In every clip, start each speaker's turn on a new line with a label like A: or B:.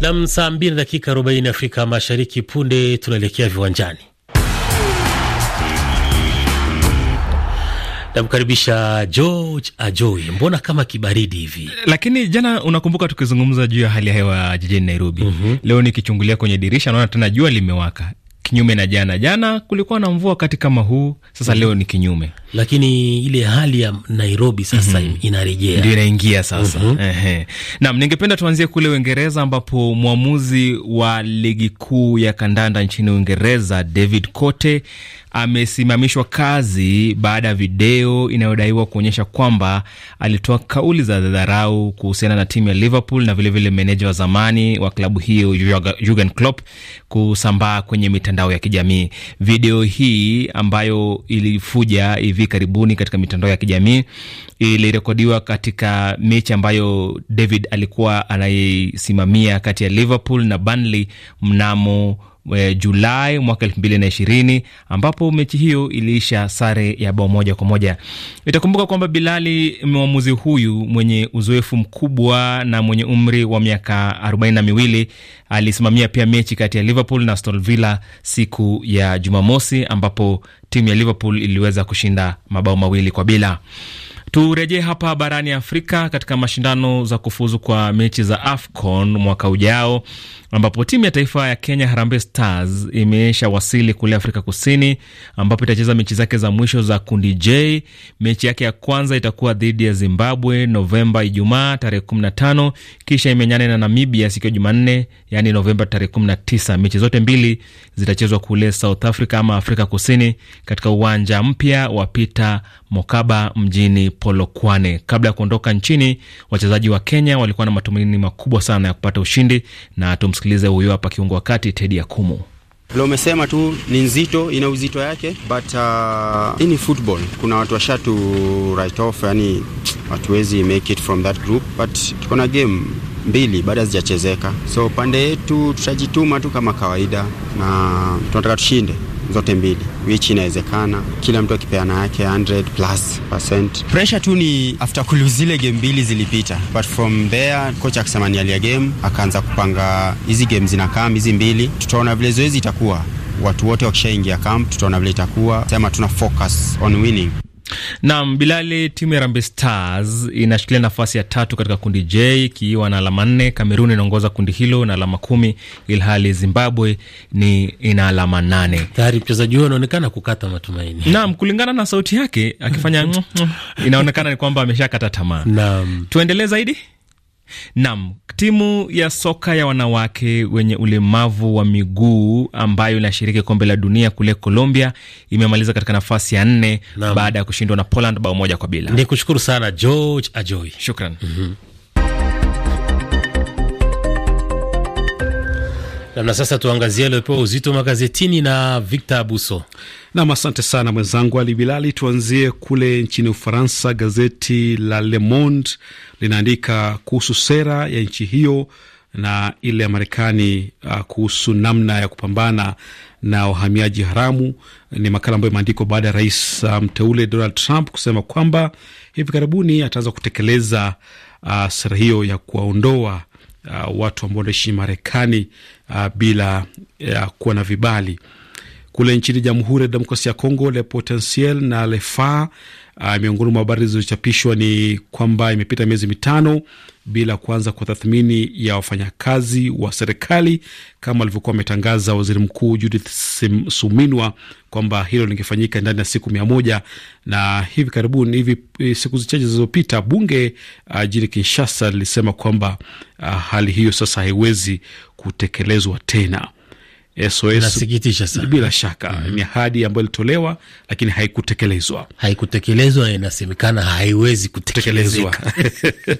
A: Nam, saa mbili dakika arobaini Afrika Mashariki. Punde tunaelekea viwanjani.
B: Namkaribisha George Ajoi. Mbona kama kibaridi hivi, lakini jana, unakumbuka tukizungumza juu ya hali ya hewa jijini Nairobi. mm -hmm. Leo nikichungulia kwenye dirisha naona tena jua limewaka kinyume na jana. Jana kulikuwa na mvua wakati kama huu, sasa leo ni kinyume, lakini ile hali ya Nairobi sasa mm -hmm. inarejea, ndio inaingia sasa mm -hmm. Naam, ningependa tuanzie kule Uingereza ambapo mwamuzi wa ligi kuu ya kandanda nchini Uingereza David Cote amesimamishwa kazi baada ya video inayodaiwa kuonyesha kwamba alitoa kauli za dharau kuhusiana na timu ya Liverpool na vilevile meneja wa zamani wa klabu hiyo Jurgen Klopp kusambaa kwenye mitandao ya kijamii. Video hii ambayo ilifuja hivi karibuni katika mitandao ya kijamii ilirekodiwa katika mechi ambayo David alikuwa anaisimamia kati ya Liverpool na Burnley mnamo e, Julai mwaka elfu mbili na ishirini ambapo mechi hiyo iliisha sare ya bao moja kwa moja. Itakumbuka kwamba Bilali mwamuzi huyu mwenye uzoefu mkubwa na mwenye umri wa miaka arobaini na miwili alisimamia pia mechi kati ya Liverpool na Aston Villa siku ya Jumamosi ambapo timu ya Liverpool iliweza kushinda mabao mawili kwa bila. Turejee hapa barani Afrika katika mashindano za kufuzu kwa mechi za AFCON mwaka ujao, ambapo timu ya taifa ya Kenya Harambee Stars imeisha wasili kule Afrika Kusini, ambapo itacheza mechi zake za mwisho za kundi J. Mechi yake ya kwanza itakuwa dhidi ya Zimbabwe Novemba Ijumaa tarehe 15, kisha imenyane na Namibia siku ya Jumanne, yani Novemba tarehe 19. Mechi zote mbili zitachezwa kule South Africa ama Afrika Kusini katika uwanja mpya wa Peter Mokaba mjini Polokwane. Kabla ya kuondoka nchini, wachezaji wa Kenya walikuwa na matumaini makubwa sana ya kupata ushindi, na tumsikilize huyo hapa kiungo wa kati Tedi Akumu. Vile umesema tu ni nzito, ina uzito yake, but uh, hii ni football. Kuna watu washatu write off, yani hatuwezi make it from that group, but tuko na game mbili baada hazijachezeka, so pande yetu tutajituma tu kama kawaida, na tunataka tushinde zote mbili, which inawezekana kila mtu akipeana yake 100 plus percent. Pressure tu ni after kulu zile game mbili zilipita, but from there coach akisema ni alia game, akaanza kupanga hizi game kam hizi mbili, tutaona vile zoezi itakuwa. Watu wote wakishaingia camp, tutaona vile itakuwa, sema tuna focus on winning. Naam, Bilali, timu ya Harambee Stars inashikilia nafasi ya tatu katika kundi J ikiwa na alama nne. Kamerun inaongoza kundi hilo na alama kumi, ilhali Zimbabwe ni ina alama nane. Tayari mchezaji huyo anaonekana kukata matumaini. Naam, kulingana na sauti yake akifanya inaonekana ni kwamba ameshakata tamaa. Naam, tuendelee zaidi Nam, timu ya soka ya wanawake wenye ulemavu wa miguu ambayo inashiriki kombe la dunia kule Colombia imemaliza katika nafasi ya nne baada ya kushindwa na Poland bao moja kwa bila.
A: Ni kushukuru sana George Ajoi, shukran. mm -hmm.
C: Namna sasa, tuangazie aliopewa uzito magazetini na Victor Abuso. Nam, asante sana mwenzangu Ali Bilali. Tuanzie kule nchini Ufaransa. Gazeti la Le Monde linaandika kuhusu sera ya nchi hiyo na ile ya Marekani uh, kuhusu namna ya kupambana na wahamiaji haramu. Ni makala ambayo imeandikwa baada ya rais uh, mteule Donald Trump kusema kwamba hivi karibuni ataanza kutekeleza uh, sera hiyo ya kuwaondoa uh, watu ambao wanaishi Marekani uh, bila uh, kuwa na vibali. Kule nchini Jamhuri ya Demokrasia ya Kongo, Le Potentiel na Lefa Uh, miongoni mwa habari zilizochapishwa ni kwamba imepita miezi mitano bila kuanza kwa tathmini ya wafanyakazi wa serikali kama alivyokuwa ametangaza waziri mkuu Judith Suminwa kwamba hilo lingefanyika ndani ya siku mia moja na hivi karibuni, hivi eh, siku zichache zilizopita, bunge uh, ah, jini Kinshasa lilisema kwamba uh, hali hiyo sasa haiwezi kutekelezwa tena. SOS. sana. Bila shaka mm -hmm. Ni ahadi ambayo ilitolewa lakini haikutekelezwa, haikutekelezwa, inasemekana haiwezi kutekelezwa.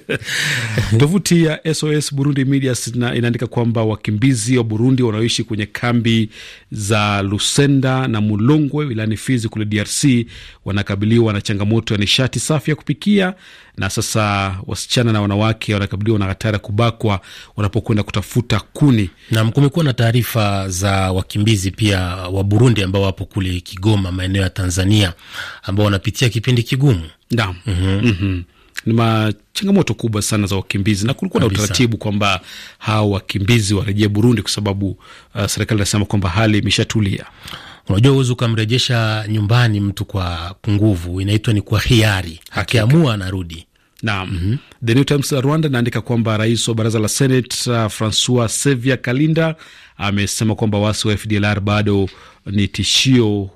C: Tovuti ya SOS Burundi Media inaandika kwamba wakimbizi wa Burundi wanaoishi kwenye kambi za Lusenda na Mulongwe wilayani Fizi kule DRC wanakabiliwa na changamoto ya nishati safi ya kupikia na sasa wasichana na wanawake wanakabiliwa na hatari ya kubakwa wanapokwenda kutafuta kuni. Nam, kumekuwa na taarifa za wakimbizi pia
A: wa Burundi ambao wapo kule Kigoma, maeneo ya Tanzania, ambao wanapitia kipindi kigumu.
C: Naam, mm -hmm. mm -hmm ni machangamoto kubwa sana za wakimbizi na kulikuwa na utaratibu kwamba hawa wakimbizi warejee Burundi kwa sababu uh, serikali inasema kwamba hali imeshatulia.
A: Unajua, huwezi ukamrejesha nyumbani mtu kwa nguvu, inaitwa ni kwa hiari,
C: akiamua anarudi. Naam. mm -hmm. The New Times la Rwanda inaandika kwamba rais wa baraza la Senate uh, Francois Xavier Kalinda amesema kwamba waasi wa FDLR bado ni tishio uh,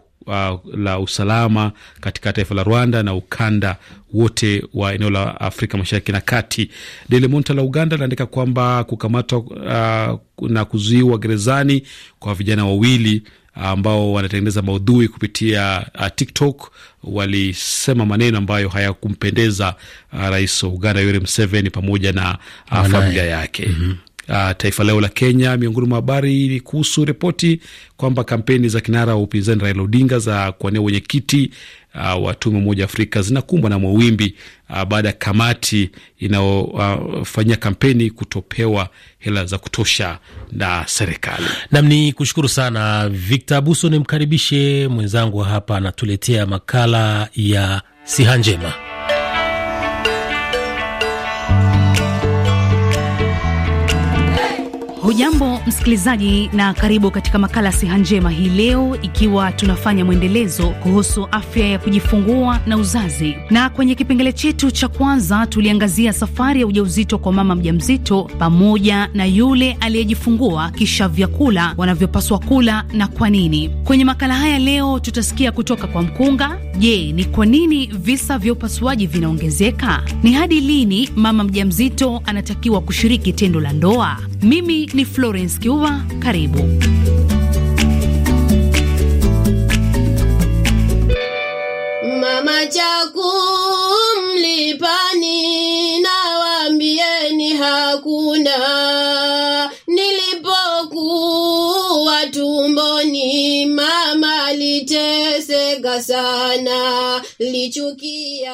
C: la usalama katika taifa la Rwanda na ukanda wote wa eneo la Afrika Mashariki na Kati. Daily Monitor la Uganda linaandika kwamba kukamatwa uh, na kuzuiwa gerezani kwa vijana wawili ambao wanatengeneza maudhui kupitia uh, TikTok walisema maneno ambayo hayakumpendeza uh, rais wa Uganda Yoweri Museveni pamoja na uh, familia yake mm -hmm. Uh, Taifa Leo la Kenya miongoni mwa habari kuhusu ripoti kwamba kampeni za kinara wa upinzani Raila Odinga za kuwania wenyekiti uh, wa tume Umoja Afrika zinakumbwa na mawimbi uh, baada ya kamati inayofanyia ah, uh, kampeni kutopewa hela za kutosha na serikali. Nam ni kushukuru sana Victor
A: Abuso, nimkaribishe mwenzangu hapa anatuletea makala ya siha njema.
D: Hujambo msikilizaji, na karibu katika makala siha njema hii leo, ikiwa tunafanya mwendelezo kuhusu afya ya kujifungua na uzazi. Na kwenye kipengele chetu cha kwanza tuliangazia safari ya ujauzito kwa mama mjamzito pamoja na yule aliyejifungua, kisha vyakula wanavyopaswa kula na kwa nini. Kwenye makala haya leo tutasikia kutoka kwa mkunga Je, ni kwa nini visa vya upasuaji vinaongezeka? Ni hadi lini mama mjamzito anatakiwa kushiriki tendo la ndoa? Mimi ni Florence Kiuva, karibu.
E: Mama chaku mlipani, nawaambieni hakuna sana lichukia.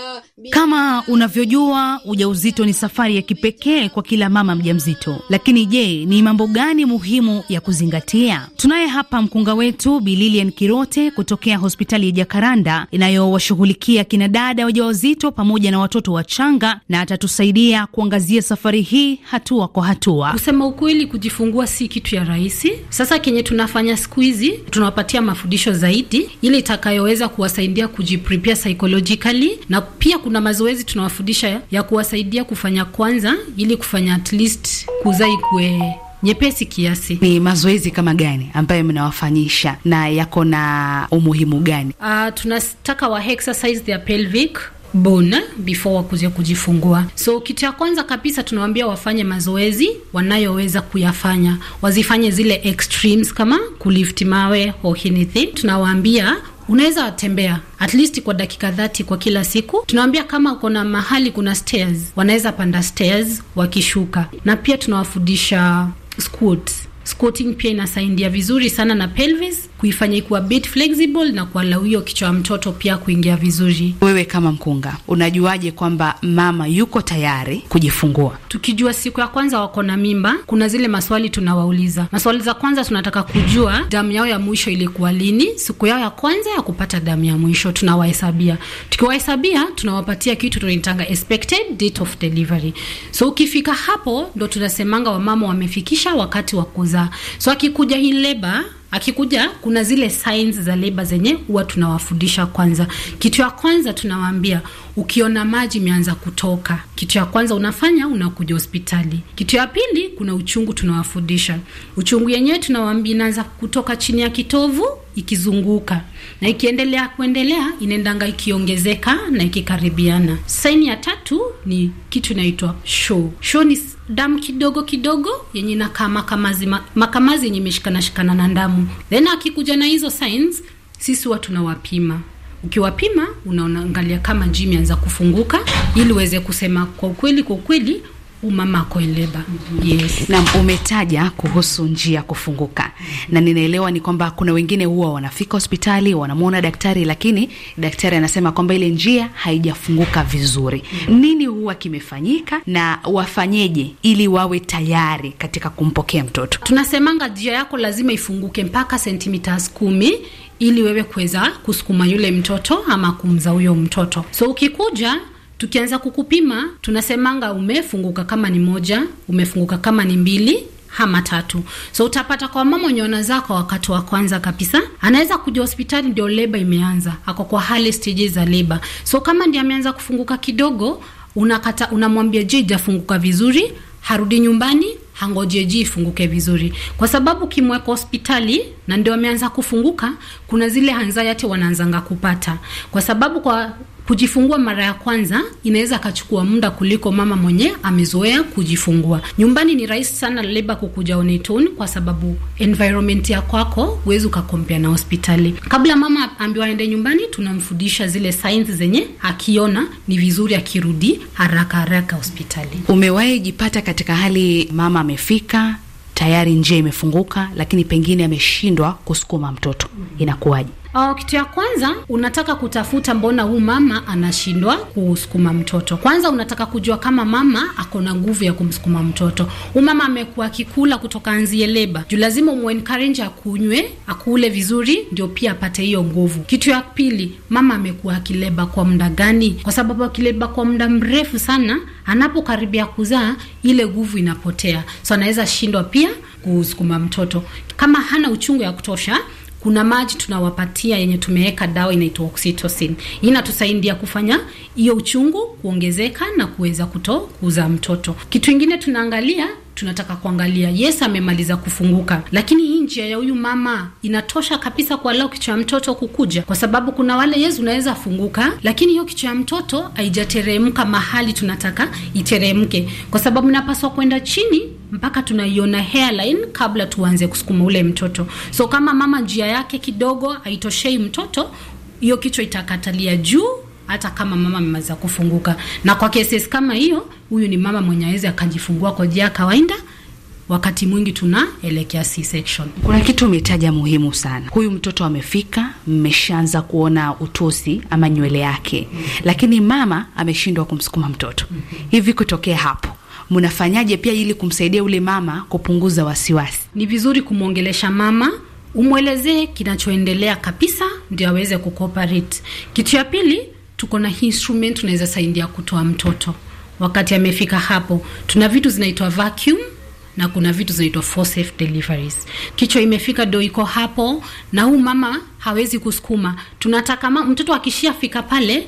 D: Kama unavyojua, ujauzito ni safari ya kipekee kwa kila mama mjamzito, lakini je, ni mambo gani muhimu ya kuzingatia? Tunaye hapa mkunga wetu bililian Kirote kutokea hospitali ya Jakaranda inayowashughulikia kina dada wajawazito pamoja na watoto wachanga, na atatusaidia kuangazia safari hii hatua kwa hatua.
E: Kusema ukweli, kujifungua si kitu ya rahisi. Sasa kenye tunafanya siku hizi tunawapatia mafundisho zaidi, ili itakayoweza kuwasaidia kujiprepare psychologically, na pia kuna mazoezi tunawafundisha ya kuwasaidia kufanya kwanza, ili kufanya at least kuzai ikue nyepesi kiasi. Ni mazoezi kama
D: gani ambayo mnawafanyisha na yako na umuhimu gani?
E: Uh, tunataka wa exercise their pelvic bone eh, before wakuja kujifungua. So kitu ya kwanza kabisa tunawaambia wafanye mazoezi wanayoweza kuyafanya, wazifanye zile extremes kama kulift mawe or anything. Tunawaambia unaweza watembea at least kwa dakika dhati kwa kila siku. Tunawambia kama kona mahali kuna stairs, wanaweza panda stairs wakishuka, na pia tunawafundisha squats Squatting pia inasaidia vizuri sana na pelvis kuifanya ikuwa bit flexible na kualawia kichwa ya mtoto pia kuingia vizuri. Wewe kama mkunga, unajuaje kwamba mama yuko tayari
D: kujifungua?
E: Tukijua siku ya kwanza wako na mimba, kuna zile maswali tunawauliza. Maswali za kwanza tunataka kujua damu yao ya mwisho ilikuwa lini, siku yao ya kwanza ya kupata damu ya mwisho tunawahesabia. Tukiwahesabia tunawapatia kitu tunaitanga expected date of delivery. So ukifika hapo ndo tunasemanga wamama wamefikisha wakati wa kuzaa kadhaa. So akikuja hii leba akikuja kuna zile signs za leba zenye huwa tunawafundisha kwanza. Kitu ya kwanza tunawaambia, ukiona maji imeanza kutoka, kitu ya kwanza unafanya unakuja hospitali. Kitu ya pili, kuna uchungu tunawafundisha. Uchungu yenyewe tunawaambia inaanza kutoka chini ya kitovu ikizunguka na ikiendelea kuendelea inaendanga ikiongezeka na ikikaribiana. Saini ya tatu ni kitu inaitwa show. Show ni damu kidogo kidogo yenye inakaa makamazi makamazi yenye imeshikana shikana na damu, then akikuja na hizo signs, sisi huwa tunawapima. Ukiwapima unaangalia kama jii imeanza kufunguka, ili uweze kusema kwa ukweli, kwa ukweli umama kuelewa. Mhm. Yes. Na
D: umetaja kuhusu njia kufunguka, na ninaelewa ni kwamba kuna wengine huwa wanafika hospitali wanamwona daktari, lakini daktari anasema kwamba ile njia haijafunguka vizuri. mm -hmm. Nini huwa kimefanyika na wafanyeje ili wawe tayari katika kumpokea mtoto?
E: Tunasemanga njia yako lazima ifunguke mpaka sentimita kumi ili wewe kuweza kusukuma yule mtoto ama kumza huyo mtoto. So ukikuja Tukianza kukupima tunasemanga umefunguka kama ni moja, umefunguka kama ni mbili hama tatu. So utapata kwa mama mwenye kwa wakati wa kwanza kabisa, anaweza kuja hospitali ndio leba imeanza, ako kwa hali stages za leba. So kama ndio ameanza kufunguka kidogo, unakata unamwambia je, ijafunguka vizuri, harudi nyumbani hangoje ji ifunguke vizuri, kwa sababu kimweka hospitali na ndio ameanza kufunguka, kuna zile anxiety wanaanzanga kupata, kwa sababu kwa Kujifungua mara ya kwanza inaweza akachukua muda kuliko mama mwenye amezoea kujifungua nyumbani. Ni rahisi sana leba kukuja onetoni, kwa sababu environment ya kwako huwezi ukakompea na hospitali. Kabla mama ambiwa aende nyumbani, tunamfundisha zile signs zenye akiona ni vizuri akirudi haraka haraka hospitali.
D: Umewahi jipata katika hali mama amefika tayari njia imefunguka, lakini pengine ameshindwa kusukuma mtoto, inakuwaje?
E: Oh, kitu ya kwanza unataka kutafuta mbona huu mama anashindwa kusukuma mtoto. Kwanza unataka kujua kama mama ako na nguvu ya kumsukuma mtoto. Huu mama amekuwa akikula kutoka anzie leba. Juu lazima umencourage akunywe, akule vizuri ndio pia apate hiyo nguvu. Kitu ya pili, mama amekuwa akileba kwa muda gani? Kwa sababu akileba kwa muda mrefu sana, anapokaribia kuzaa ile nguvu inapotea. So anaweza shindwa pia kusukuma mtoto. Kama hana uchungu ya kutosha kuna maji tunawapatia yenye tumeweka dawa inaitwa oxytocin. Hii inatusaidia kufanya hiyo uchungu kuongezeka na kuweza kuto kuuza mtoto. Kitu ingine tunaangalia tunataka kuangalia yes, amemaliza kufunguka, lakini hii njia ya huyu mama inatosha kabisa kualau kichwa ya mtoto kukuja, kwa sababu kuna wale yes, unaweza funguka, lakini hiyo kichwa ya mtoto haijateremka mahali tunataka iteremke, kwa sababu napaswa kwenda chini mpaka tunaiona hairline kabla tuanze kusukuma ule mtoto. So kama mama njia yake kidogo haitoshei mtoto, hiyo kichwa itakatalia juu hata kama mama ameweza kufunguka. Na kwa cases kama hiyo, huyu ni mama mwenye aweze akajifungua kwa njia ya kawaida. Wakati mwingi tunaelekea C-section. Kuna kitu
D: umetaja muhimu sana, huyu mtoto amefika, mmeshaanza kuona utosi ama nywele yake, mm -hmm. lakini mama ameshindwa kumsukuma mtoto mm -hmm. hivi kutokea hapo mnafanyaje pia ili kumsaidia ule mama kupunguza wasiwasi?
E: Ni vizuri kumwongelesha mama umwelezee kinachoendelea kabisa, ndio aweze kucooperate. Kitu ya pili, tuko na instrument tunaweza saidia kutoa mtoto wakati amefika hapo. Tuna vitu zinaitwa vacuum na kuna vitu zinaitwa for safe deliveries. Kichwa imefika do iko hapo, na huu mama hawezi kusukuma. Tunataka mtoto akishafika pale,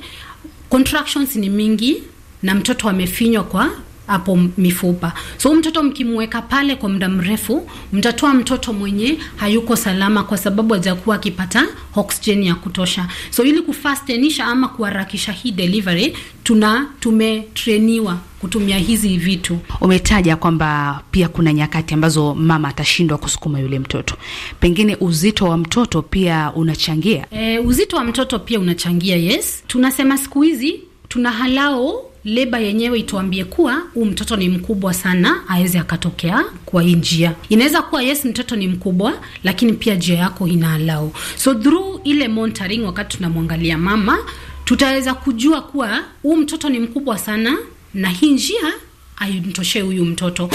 E: contractions ni mingi na mtoto amefinywa kwa hapo mifupa. So mtoto mkimweka pale kwa muda mrefu, mtatoa mtoto mwenye hayuko salama, kwa sababu hajakuwa akipata oxygen ya kutosha. So ili kufastenisha ama kuharakisha hii delivery, tuna tumetreniwa kutumia hizi vitu.
D: Umetaja kwamba pia kuna nyakati ambazo mama atashindwa kusukuma yule mtoto, pengine uzito wa mtoto pia unachangia.
E: E, uzito wa mtoto pia unachangia. Yes, tunasema siku hizi tuna halao leba yenyewe ituambie kuwa huu mtoto ni mkubwa sana, aweze akatokea kwa hii njia. Inaweza kuwa yes, mtoto ni mkubwa, lakini pia njia yako ina alau. So through ile monitoring, wakati tunamwangalia mama, tutaweza kujua kuwa huu mtoto ni mkubwa sana na hii njia haimtoshe huyu mtoto.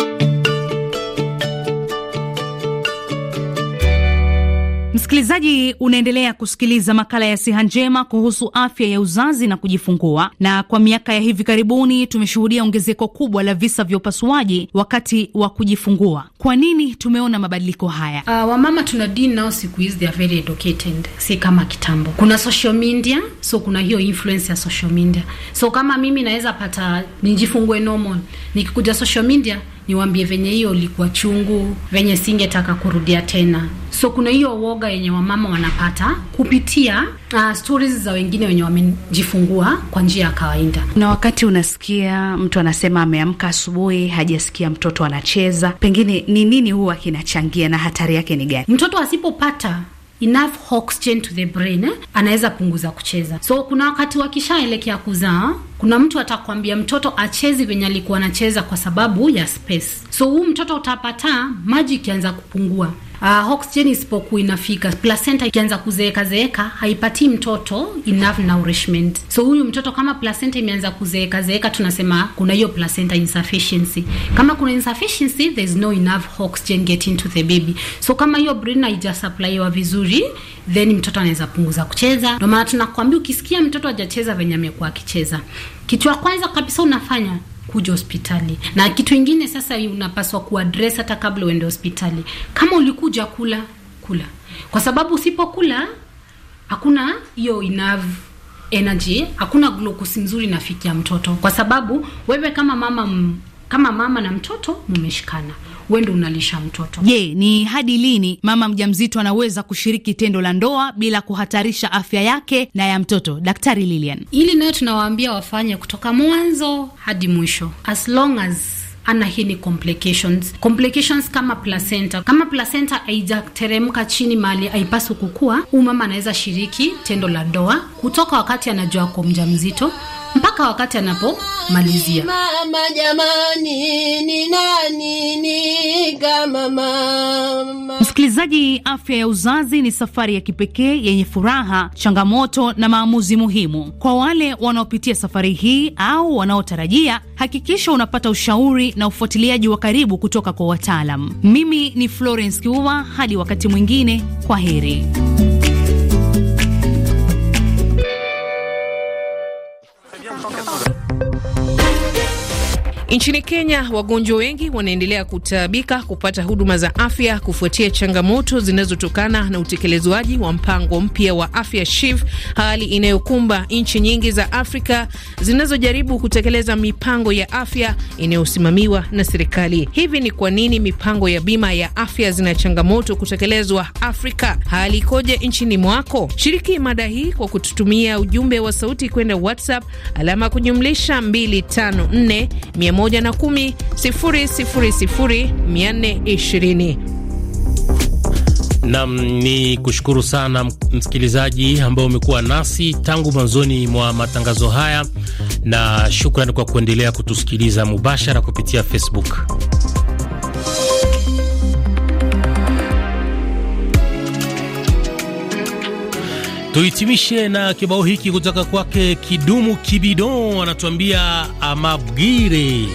E: Msikilizaji,
D: unaendelea kusikiliza makala ya siha njema kuhusu afya ya uzazi na kujifungua. Na kwa miaka ya hivi karibuni tumeshuhudia ongezeko kubwa la visa vya upasuaji wakati wa kujifungua.
E: Kwa nini tumeona mabadiliko haya? Uh, ah, wamama tuna dini nao siku hizi they are very educated, si kama kitambo. Kuna social media, so kuna hiyo influence ya social media. So kama mimi naweza pata nijifungue normal, nikikuja social media niwaambie venye hiyo ilikuwa chungu, venye singetaka kurudia tena. So kuna hiyo woga yenye wamama wanapata kupitia uh, stories za wengine wenye wamejifungua kwa njia ya kawaida.
D: Kuna wakati unasikia mtu anasema ameamka asubuhi hajasikia mtoto anacheza,
E: pengine ni nini huwa kinachangia na hatari yake ni gani? Mtoto asipopata enough oxygen to the brain eh, anaweza punguza kucheza. So kuna wakati wakishaelekea kuzaa, kuna mtu atakwambia mtoto achezi venye alikuwa anacheza kwa sababu ya space. So huu mtoto utapata maji ikianza kupungua, uh, oxygen isipokuwa inafika, placenta ikianza kuzeeka zeeka, haipati mtoto enough nourishment. So huyu mtoto kama placenta imeanza kuzeeka zeeka, tunasema kuna hiyo placenta insufficiency. Kama kuna insufficiency, there's no enough oxygen getting to the baby. So kama hiyo brain haija haijasupplywa vizuri, then mtoto anaweza punguza kucheza. Ndio maana tunakwambia ukisikia mtoto hajacheza venye amekuwa akicheza, kitu cha kwanza kabisa unafanya kuja hospitali. Na kitu ingine sasa, unapaswa kuadres hata kabla uende hospitali, kama ulikuja kula kula, kwa sababu usipokula hakuna hiyo enough energy, hakuna glucose mzuri nafikia mtoto, kwa sababu wewe kama mama m, kama mama na mtoto mmeshikana
D: wende unalisha mtoto. Je, ni hadi lini mama mjamzito anaweza kushiriki tendo la ndoa
E: bila kuhatarisha afya yake na ya mtoto? Daktari Lilian, ili nayo tunawaambia wafanye kutoka mwanzo hadi mwisho as long as ana hii ni complications. Complications kama placenta, kama placenta haijateremka chini mahali haipaswi kukua, huyu mama anaweza shiriki tendo la ndoa kutoka wakati anajua ako mjamzito mpaka wakati anapomalizia. Mama jamani, ni nani
D: ni kama mama? Msikilizaji, afya ya uzazi ni safari ya kipekee yenye furaha, changamoto na maamuzi muhimu. Kwa wale wanaopitia safari hii au wanaotarajia, hakikisha unapata ushauri na ufuatiliaji wa karibu kutoka kwa wataalam. Mimi ni Florence Kiuma, hadi wakati mwingine, kwa heri.
E: Nchini Kenya, wagonjwa wengi wanaendelea kutaabika kupata huduma za afya kufuatia changamoto zinazotokana na utekelezwaji wa mpango mpya wa afya SHIF, hali inayokumba nchi nyingi za Afrika zinazojaribu kutekeleza mipango ya afya inayosimamiwa na serikali. Hivi ni kwa nini mipango ya bima ya afya zina changamoto kutekelezwa Afrika? Hali ikoje nchini mwako? Shiriki mada hii kwa kututumia ujumbe wa sauti kwenda WhatsApp alama kujumlisha 254 420.
A: Nam ni kushukuru sana msikilizaji ambaye umekuwa nasi tangu mwanzoni mwa matangazo haya, na shukrani kwa kuendelea kutusikiliza mubashara kupitia Facebook. Tuhitimishe na kibao hiki kutoka kwake Kidumu Kibidon, anatuambia amabwire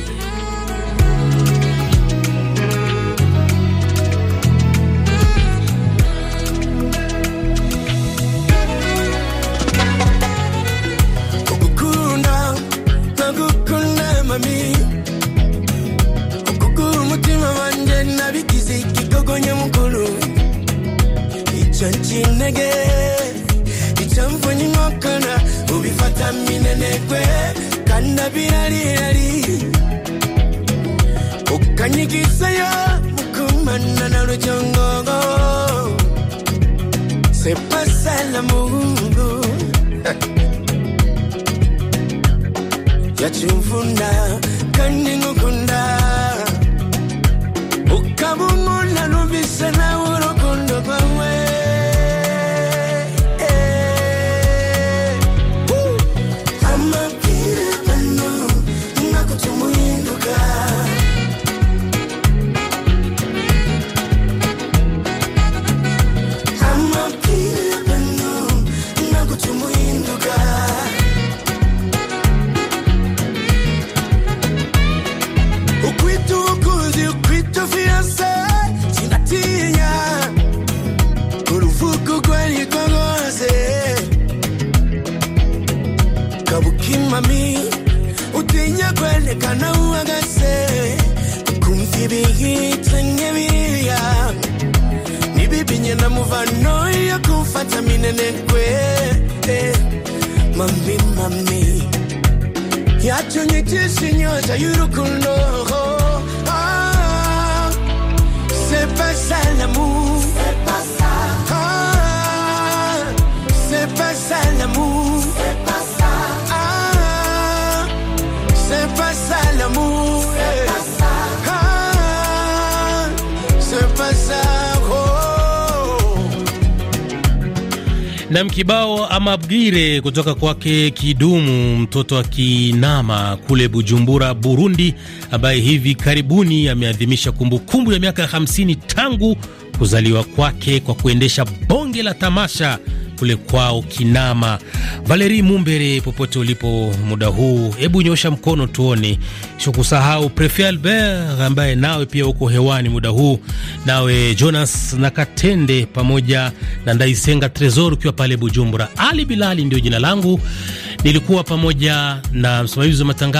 F: kwe kandabilalirali okanyikisayo mukumana na rujongo. lujongogo sepasala mungu yachimfunda kaningukunda ukabungula lubisanawe kwende kanawuhagaze kumva ibihe tlanye biriya nibibi ngenda muvano yo kumfata minenegwe eh, mami mami yatonyitisha inyota y'urukundo ah, c'est pas ça
A: na mkibao amabgire kutoka kwake Kidumu, mtoto wa Kinama kule Bujumbura, Burundi, ambaye hivi karibuni ameadhimisha kumbukumbu ya miaka 50 tangu kuzaliwa kwake kwa kuendesha bonge la tamasha kule kwao Kinama. Valeri Mumbere, popote ulipo muda huu, hebu nyosha mkono tuone. Sikukusahau Prefe Albert ambaye nawe pia uko hewani muda huu, nawe Jonas Nakatende pamoja na Ndaisenga Tresor ukiwa pale Bujumbura. Ali Bilali ndio jina langu, nilikuwa pamoja na msimamizi wa matangazo